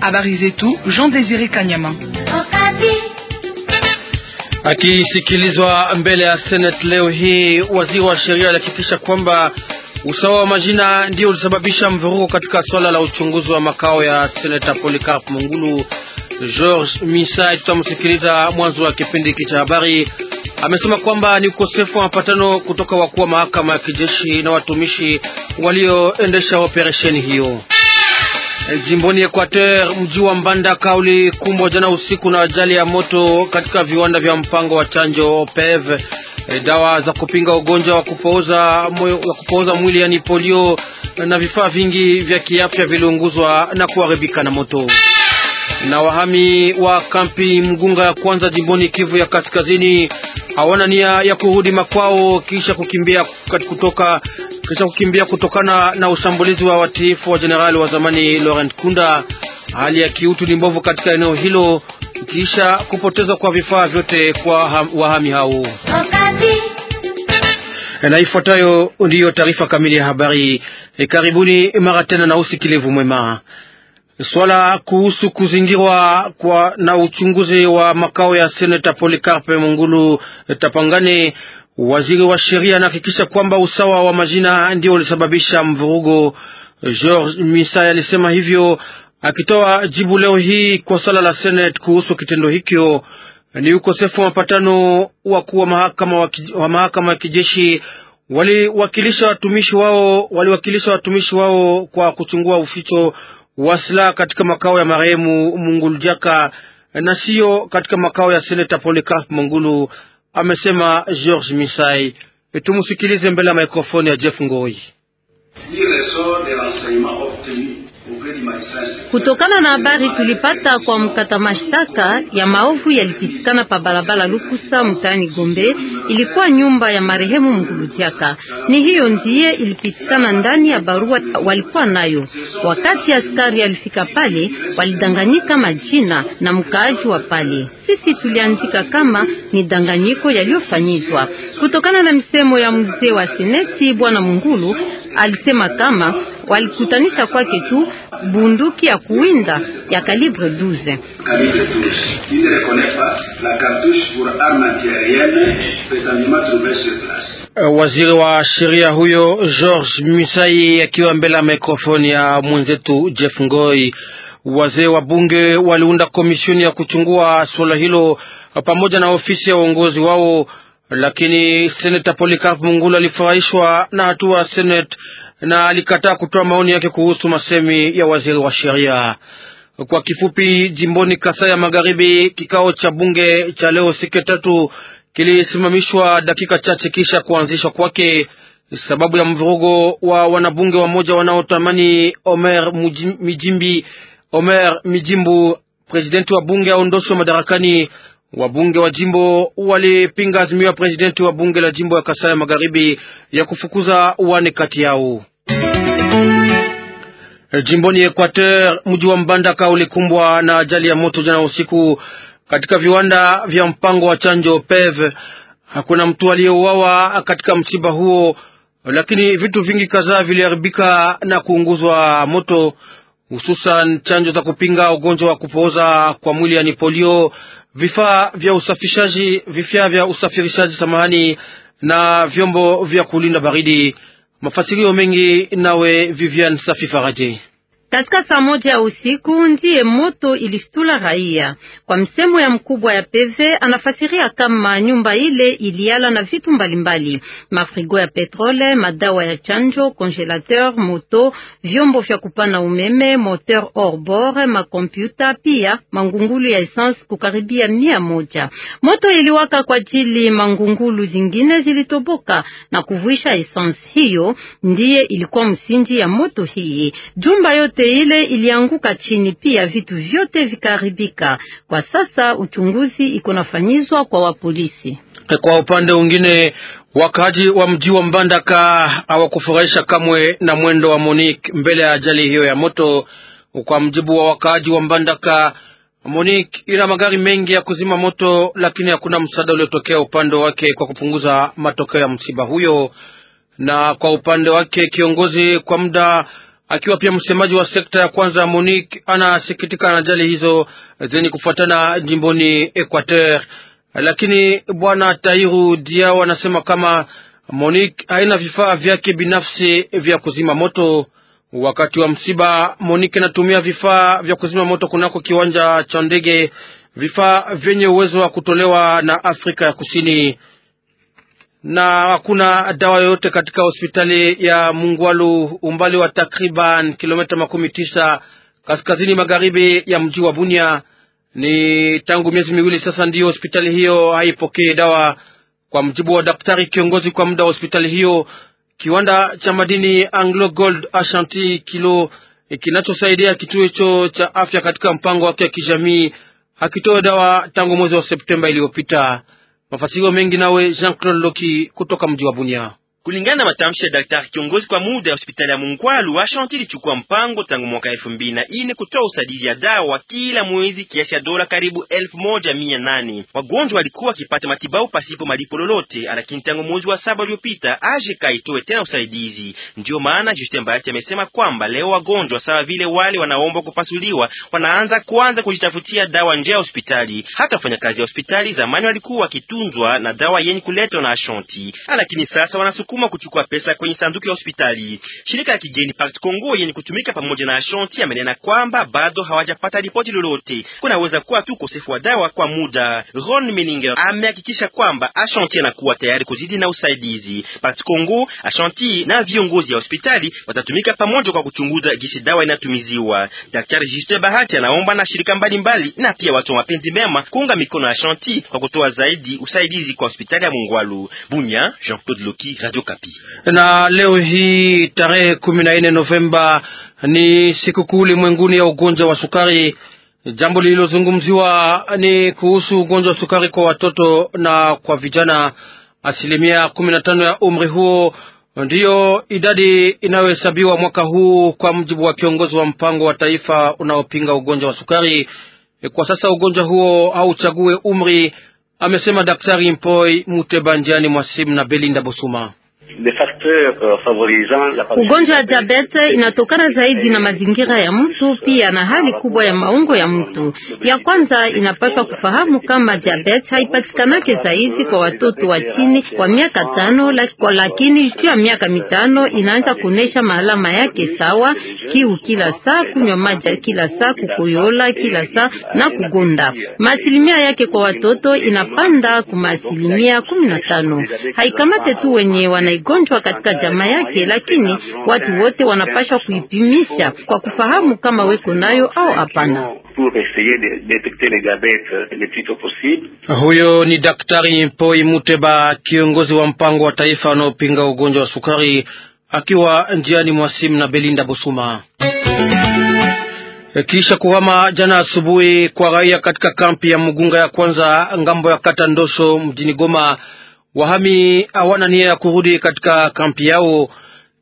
Habari zetu Jean Désiré Kanyama. Akisikilizwa mbele ya Senate leo hii, waziri wa sheria alihakikisha kwamba usawa wa majina ndio ulisababisha mvuruko katika swala la uchunguzi wa makao ya Senator Polycarp Mungulu. George Misai, tutamsikiliza mwanzo wa kipindi hiki cha habari, amesema kwamba ni ukosefu wa mapatano kutoka wakuu wa mahakama ya kijeshi na watumishi walioendesha operesheni hiyo. Eh, jimboni Equateur, mji wa Mbandaka ulikumbwa jana usiku na ajali ya moto katika viwanda vya mpango wa chanjo PEV, eh, dawa za kupinga ugonjwa wa kupooza, wa kupooza mwili yani polio, na vifaa vingi vya kiafya viliunguzwa na kuharibika na moto. Na wahami wa kampi Mgunga ya kwanza jimboni Kivu ya kaskazini hawana nia ya kurudi makwao kisha kukimbia kutoka kisha kukimbia kutokana na ushambulizi wa watiifu wa jenerali wa zamani Laurent Kunda. Hali ya kiutu ni mbovu katika eneo hilo kisha kupotezwa kwa vifaa vyote kwa wahami hao. Na ifuatayo ndiyo taarifa kamili ya habari. E, karibuni mara tena na usikilivu mwema. Swala kuhusu kuzingirwa kwa na uchunguzi wa makao ya seneta Polikarpe Mungulu Tapangane, waziri wa sheria anahakikisha kwamba usawa wa majina ndio ulisababisha mvurugo. George Misai alisema hivyo akitoa jibu leo hii kwa sala la seneti kuhusu kitendo hikyo Ni ukosefu wa mapatano. Wakuu wa mahakama wa mahakama ya kijeshi waliwakilisha watumishi wao waliwakilisha watumishi wao kwa kuchungua uficho wasla katika makao ya marehemu Jaka na siyo katika makao ya seneta Polikarp Mungulu, amesema George Misai. Tumusikilize mbele ya mikrofoni ya Jeff Ngoi. Kutokana na habari tulipata kwa mkata mashtaka ya maovu yalipitikana pa barabara Lukusa mtaani Gombe, ilikuwa nyumba ya marehemu Mgulutiaka. Ni hiyo ndiye ilipitikana ndani ya barua walikuwa nayo. Wakati askari alifika pale, walidanganyika majina na mkaaji wa pale. Sisi tuliandika kama ni danganyiko yaliyofanyizwa kutokana na misemo ya mzee wa seneti Bwana Mungulu alisema kama walikutanisha kwake tu bunduki ya kuwinda ya kalibre 12. Euh, waziri wa sheria huyo George Misai akiwa mbele ya mikrofoni ya mwenzetu Jeff Ngoi. Wazee wa bunge waliunda komisioni ya kuchungua suala hilo pamoja na ofisi ya uongozi wao lakini seneta Polikarp Mungulu alifurahishwa na hatua ya senet na alikataa kutoa maoni yake kuhusu masemi ya waziri wa sheria. Kwa kifupi, jimboni Kasai ya Magharibi, kikao cha bunge cha leo siku tatu kilisimamishwa dakika chache kisha kuanzishwa kwake sababu ya mvurugo wa wanabunge wamoja wanaotamani Omer Mijimbi, Omer Mijimbu, presidenti wa bunge aondoshwe madarakani Wabunge wa jimbo walipinga azimio ya presidenti wa bunge la jimbo ya Kasai ya Magharibi ya kufukuza wane kati yao. E, jimboni Equateur, mji wa Mbandaka ulikumbwa na ajali ya moto jana usiku katika viwanda vya mpango wa chanjo PEV. Hakuna mtu aliyeuawa katika msiba huo, lakini vitu vingi kadhaa viliharibika na kuunguzwa moto, hususan chanjo za kupinga ugonjwa wa kupooza kwa mwili yani polio vifaa vya usafishaji, vifaa vya usafirishaji samahani, na vyombo vya kulinda baridi. Mafasirio mengi nawe Vivian Safi Faraje. Katika saa moja ya usiku ndiye moto ilistula raia. Kwa msemo ya mkubwa ya PV anafasiria kama nyumba ile iliala na vitu mbalimbali: mafrigo ya petrole, madawa ya chanjo, congelateur, moto, vyombo vya kupana umeme, moteur hors orbor, makompyuta, pia mangungulu ya essence kukaribia mia moja. Moto iliwaka kwa ajili mangungulu zingine zilitoboka na kuvuisha essence. Hiyo ndiye ilikuwa msingi ya moto hii. Jumba yote yote ile ilianguka chini, pia vitu vyote vikaharibika. Kwa sasa uchunguzi iko nafanyizwa kwa wapolisi. E, kwa upande mwingine, wakaaji wa mji wa Mbandaka hawakufurahisha kamwe na mwendo wa Monique mbele ya ajali hiyo ya moto. Kwa mjibu wa wakaaji wa Mbandaka, Monique ina magari mengi ya kuzima moto, lakini hakuna msaada uliotokea upande wake kwa kupunguza matokeo ya msiba huyo. Na kwa upande wake kiongozi kwa muda akiwa pia msemaji wa sekta ya kwanza Monique anasikitika na ajali hizo zenye kufuatana jimboni Equateur, lakini bwana Tairu Diao anasema kama Monique haina vifaa vyake binafsi vya kuzima moto. Wakati wa msiba, Monique anatumia vifaa vya kuzima moto kunako kiwanja cha ndege, vifaa vyenye uwezo wa kutolewa na Afrika ya Kusini na hakuna dawa yoyote katika hospitali ya Mungwalu, umbali wa takriban kilomita makumi tisa kaskazini magharibi ya mji wa Bunia. Ni tangu miezi miwili sasa ndiyo hospitali hiyo haipokee dawa. Kwa mjibu wa daktari kiongozi kwa muda wa hospitali hiyo, kiwanda cha madini Anglo Gold Ashanti kilo eh, kinachosaidia kituo hicho cha afya katika mpango wake wa kijamii hakitoe dawa tangu mwezi wa Septemba iliyopita. Mafasiriyo mengi nawe Jean Claude Loki kutoka mji wa Bunia. Kulingana na matamshi ya daktari kiongozi kwa muda ya hospitali ya Mungwalu, Ashanti ilichukua mpango tangu mwaka elfu mbili na ine kutoa usajili ya dawa kila mwezi kiasi ya dola karibu elfu moja mia nane. Wagonjwa walikuwa wakipata matibabu pasipo malipo lolote, lakini tangu mwezi wa saba uliopita AJK itoe tena usaidizi. Ndiyo maana Justin Bayati amesema kwamba leo wagonjwa sawa vile wale wanaomba kupasuliwa wanaanza kwanza kujitafutia dawa nje ya hospitali. Hata wafanyakazi ya hospitali zamani walikuwa wakitunzwa na dawa yenye kuletwa na Ashanti, lakini sasa wanasukuma kusukuma kuchukua pesa kwenye sanduku ya hospitali. Shirika ya kigeni Part Congo yenye kutumika pamoja na Ashanti amenena kwamba bado hawajapata ripoti lolote, kunaweza kuwa tu ukosefu wa dawa kwa muda. Ron Meninger amehakikisha kwamba Ashanti anakuwa tayari kuzidi na usaidizi. Part Congo, Ashanti na viongozi ya hospitali watatumika pamoja kwa kuchunguza gisi dawa inatumiziwa. Daktari Juste Bahati anaomba na shirika mbalimbali mbali, na pia watu wa mapenzi mema kuunga mikono ya Ashanti kwa kutoa zaidi usaidizi kwa hospitali ya Mungwalu. Bunya, Jean Claude Loki, Radio Okapi. Na leo hii tarehe kumi na nne Novemba ni sikukuu ulimwenguni ya ugonjwa wa sukari. Jambo lililozungumziwa ni kuhusu ugonjwa wa sukari kwa watoto na kwa vijana. Asilimia kumi na tano ya umri huo ndiyo idadi inayohesabiwa mwaka huu kwa mjibu wa kiongozi wa mpango wa taifa unaopinga ugonjwa wa sukari. Kwa sasa ugonjwa huo hauchague umri, amesema Daktari Mpoi Mutebanjiani Mwasimu na Belinda Bosuma. Euh, Ugonjwa wa diabete inatokana zaidi na euh, mazingira ya euh, mtu pia na hali kubwa ya maungo ya mtu. Ya kwanza inapaswa kufahamu kama diabete haipatikanake zaidi kwa watoto wa chini kwa miaka tano, lakini juu ya miaka mitano inaanza kuonesha maalama yake sawa: kiu kila saa, kunywa maji kila saa, kukoyola kila saa na kugonda. Maasilimia yake kwa watoto inapanda kwa kumi na tano. Haikamate tu wenye wana magonjwa katika jamaa yake, lakini watu wote wanapasha kuipimisha kwa kufahamu kama weko nayo au hapana. Huyo ni Daktari Mpoi Muteba, kiongozi wa mpango wa taifa anaopinga ugonjwa wa sukari, akiwa njiani mwasimu na Belinda Bosuma. Kisha kuhama jana asubuhi kwa raia katika kampi ya Mugunga ya kwanza ngambo ya kata Ndoso mjini Goma Wahami hawana nia ya kurudi katika kampi yao.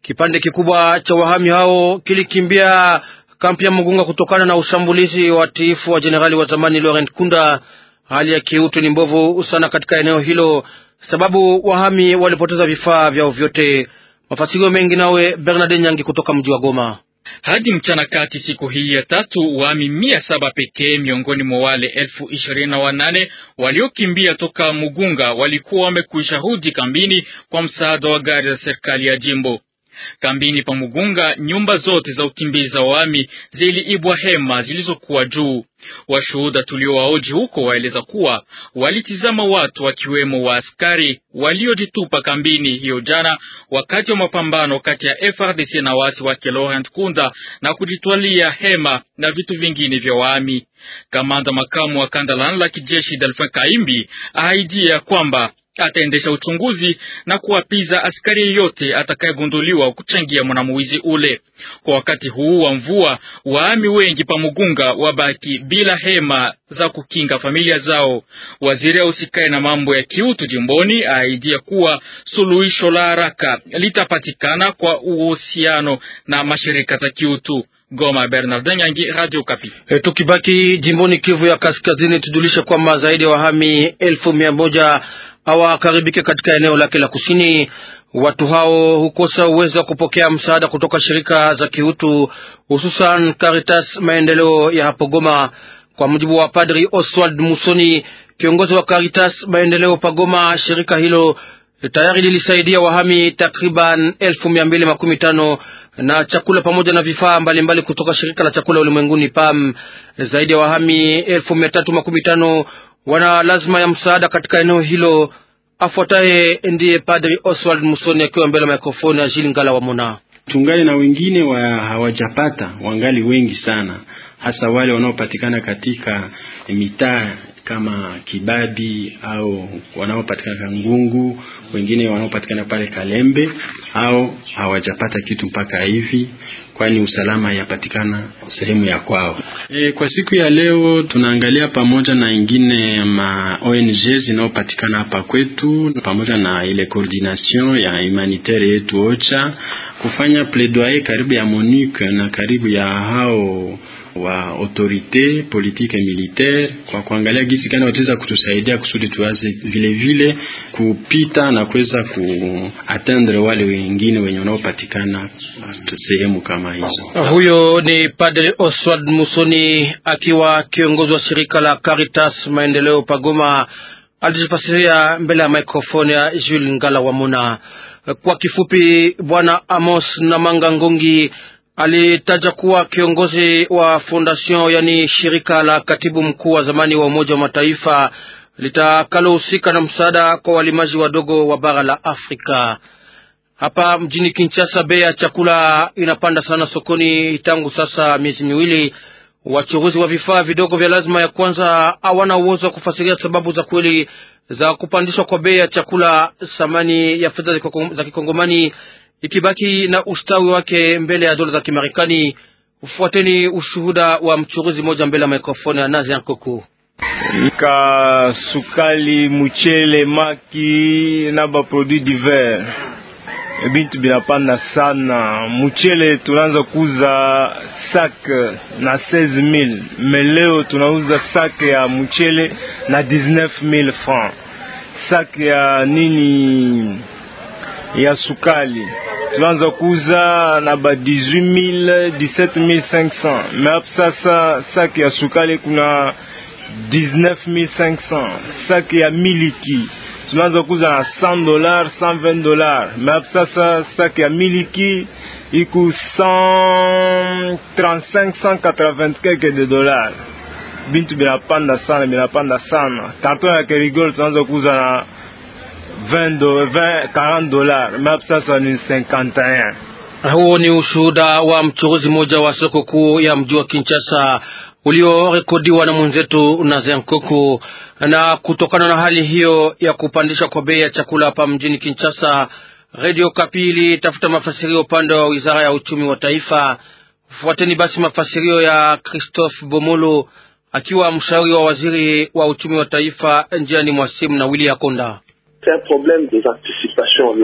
Kipande kikubwa cha wahami hao kilikimbia kampi ya Mugunga kutokana na ushambulizi wa tiifu wa jenerali wa zamani Laurent Kunda. Hali ya kiutu ni mbovu sana katika eneo hilo, sababu wahami walipoteza vifaa vyao vyote. mafasirio mengi nawe Bernard Nyangi kutoka mji wa Goma hadi mchana kati siku hii ya tatu, waami mia saba pekee miongoni mwa wale elfu ishirini na wanane waliokimbia toka Mugunga walikuwa wamekuisha kambini kwa msaada wa gari za serikali ya jimbo. Kambini pa Mugunga, nyumba zote za ukimbizi wami ziliibwa hema zilizokuwa juu. Washuhuda tuliowaoji huko waeleza kuwa walitizama watu wakiwemo wa askari waliojitupa kambini hiyo jana wakati wa mapambano kati ya FRDC na wasi wake Laurent Kunda na kujitwalia hema na vitu vingine vya waami. Kamanda makamu wa kandalan la kijeshi Delphin Kaimbi aaidia kwamba ataendesha uchunguzi na kuwapiza askari yeyote atakayegunduliwa kuchangia mwanamuwizi ule. Kwa wakati huu wa mvua, waami wengi pa Mugunga wabaki bila hema za kukinga familia zao. Waziri ausikaye na mambo ya kiutu jimboni aaidia kuwa suluhisho la haraka litapatikana kwa uhusiano na mashirika za kiutu. Goma, Bernard Nyangi, Radio Kapi. E, tukibaki jimboni Kivu ya Kaskazini, tujulishe kwamba zaidi ya wahami elfu mia moja hawakaribike katika eneo lake la kusini. Watu hao hukosa uwezo wa kupokea msaada kutoka shirika za kiutu, hususan Caritas maendeleo ya hapo Goma. Kwa mujibu wa Padri Oswald Musoni, kiongozi wa Caritas maendeleo pagoma, shirika hilo tayari lilisaidia wahami takriban elfu mia mbili makumi tano na chakula pamoja na vifaa mbalimbali kutoka shirika la chakula ulimwenguni PAM. Zaidi ya wahami elfu mia tatu makumi tano wana lazima ya msaada katika eneo hilo. Afuataye ndiye Padri Oswald Musoni akiwa mbele ya mikrofoni ya Jili Ngala wa Mona. Tungali na wengine wa hawajapata, wangali wengi sana, hasa wale wanaopatikana katika mitaa kama Kibabi au wanaopatikana Kangungu, wengine wanaopatikana pale Kalembe, au hawajapata kitu mpaka hivi, kwani usalama yapatikana sehemu ya kwao. E, kwa siku ya leo tunaangalia pamoja na ingine ma ONG zinaopatikana hapa kwetu pamoja na ile coordination ya humanitaire yetu OCHA kufanya plaidoyer karibu ya Monique na karibu ya hao wa autorite politike militaire kwa kuangalia gisi gani wataweza kutusaidia kusudi tuwaze vile vile kupita na kuweza kuatendre wale wengine wenye wanaopatikana sehemu kama hizo. Ah, huyo ni Padre Oswald Musoni akiwa kiongozi wa shirika la Caritas maendeleo Pagoma alijifasiria mbele ya mikrofoni ya Jules Ngala wa Muna. Kwa kifupi, Bwana Amos na Manga Ngongi alitaja kuwa kiongozi wa fondation, yani shirika la katibu mkuu wa zamani wa Umoja wa Mataifa litakalohusika na msaada kwa walimaji wadogo wa bara la Afrika. Hapa mjini Kinshasa, bei ya chakula inapanda sana sokoni tangu sasa miezi miwili. Wachuruzi wa vifaa vidogo vya lazima ya kwanza hawana uwezo wa kufasiria sababu za kweli za kupandishwa kwa bei ya chakula. Thamani ya fedha za kikongomani ikibaki na ustawi wake mbele ya dola za Kimarekani. Ufuateni ushuhuda wa mchuruzi mmoja mbele ya mikrofoni ya Nazi Yankoko. Nika sukali, muchele, maki na ba produit divers e, bintu binapanda sana. Muchele tunaanza kuuza sak na 16000 me leo tunauza sak ya muchele na 19000 francs. Sak ya nini ya sukali tulianza kuuza na ba 18000 17500 mais hapo sasa saki ya sukali kuna 19500 saki ya miliki tunaanza kuuza na 100 dollars 120 dollars mais hapo sasa saki ya miliki iku 135 180 quelque de dollars bintu binapanda sana binapanda sana karton ya kerigol tunaanza kuuza na 20, 20 40 dollars mais sasa ni 51. Huo ni ushuhuda wa mchuruzi mmoja wa soko kuu ya mji wa Kinshasa uliorekodiwa na mwenzetu na Nkoko. Na kutokana na hali hiyo ya kupandisha kwa bei ya chakula hapa mjini Kinshasa, Radio Kapili tafuta mafasirio upande wa wizara ya uchumi wa taifa. Fuateni basi mafasirio ya Christophe Bomolo akiwa mshauri wa waziri wa uchumi wa taifa njiani mwasimu na Willy Akonda.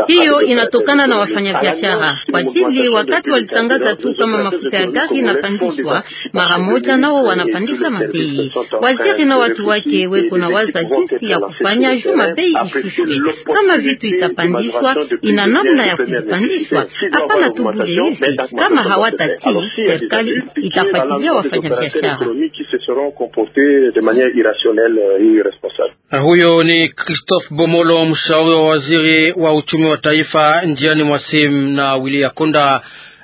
Hiyo ah, inatokana na wafanyabiashara kwa ajili, wakati walitangaza tu kama mafuta ya gari inapandishwa mara moja, nao wanapandisha mabei. Waziri na watu wake weko na waza jinsi ya kufanya juu mabei ishushwe. Kama vitu itapandishwa, ina namna ya kuvipandishwa, hapana tu bure hivi. Kama hawatatii, serikali itafuatilia wafanyabiashara. Huyo ni Christophe Bomolo, mshauri wa waziri wa uchumi wa taifa njiani mwasim na ya Konda.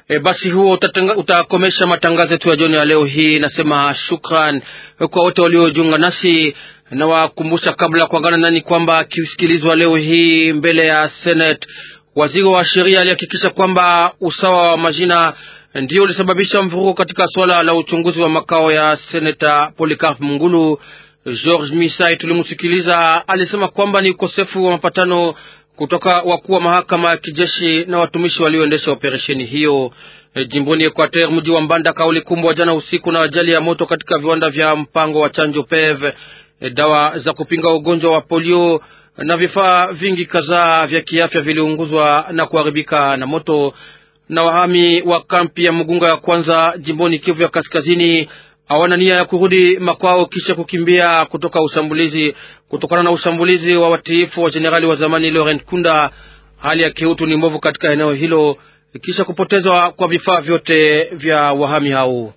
E, basi huo utakomesha matangazo yetu ya jioni ya leo hii. Nasema shukran kwa wote waliojiunga nasi. Nawakumbusha kabla ya kuangana nani kwamba akisikilizwa leo hii mbele ya Senate, waziri wa sheria alihakikisha kwamba usawa wa majina ndio ulisababisha mvuruko katika swala la uchunguzi wa makao ya seneta Polikarp Mungulu. George Misai tulimsikiliza, alisema kwamba ni ukosefu wa mapatano kutoka wakuu wa mahakama ya kijeshi na watumishi walioendesha operesheni hiyo. E, jimboni Equateur mji wa Mbandaka ulikumbwa jana usiku na ajali ya moto katika viwanda vya mpango wa chanjo PEV, e, dawa za kupinga ugonjwa wa polio na vifaa vingi kadhaa vya kiafya viliunguzwa na kuharibika na moto. Na wahami wa kampi ya Mugunga ya kwanza jimboni Kivu ya Kaskazini hawana nia ya kurudi makwao kisha kukimbia kutoka ushambulizi, kutokana na ushambulizi wa watiifu wa jenerali wa zamani Laurent Kunda. Hali ya kiutu ni mbovu katika eneo hilo kisha kupotezwa kwa vifaa vyote vya wahami hao.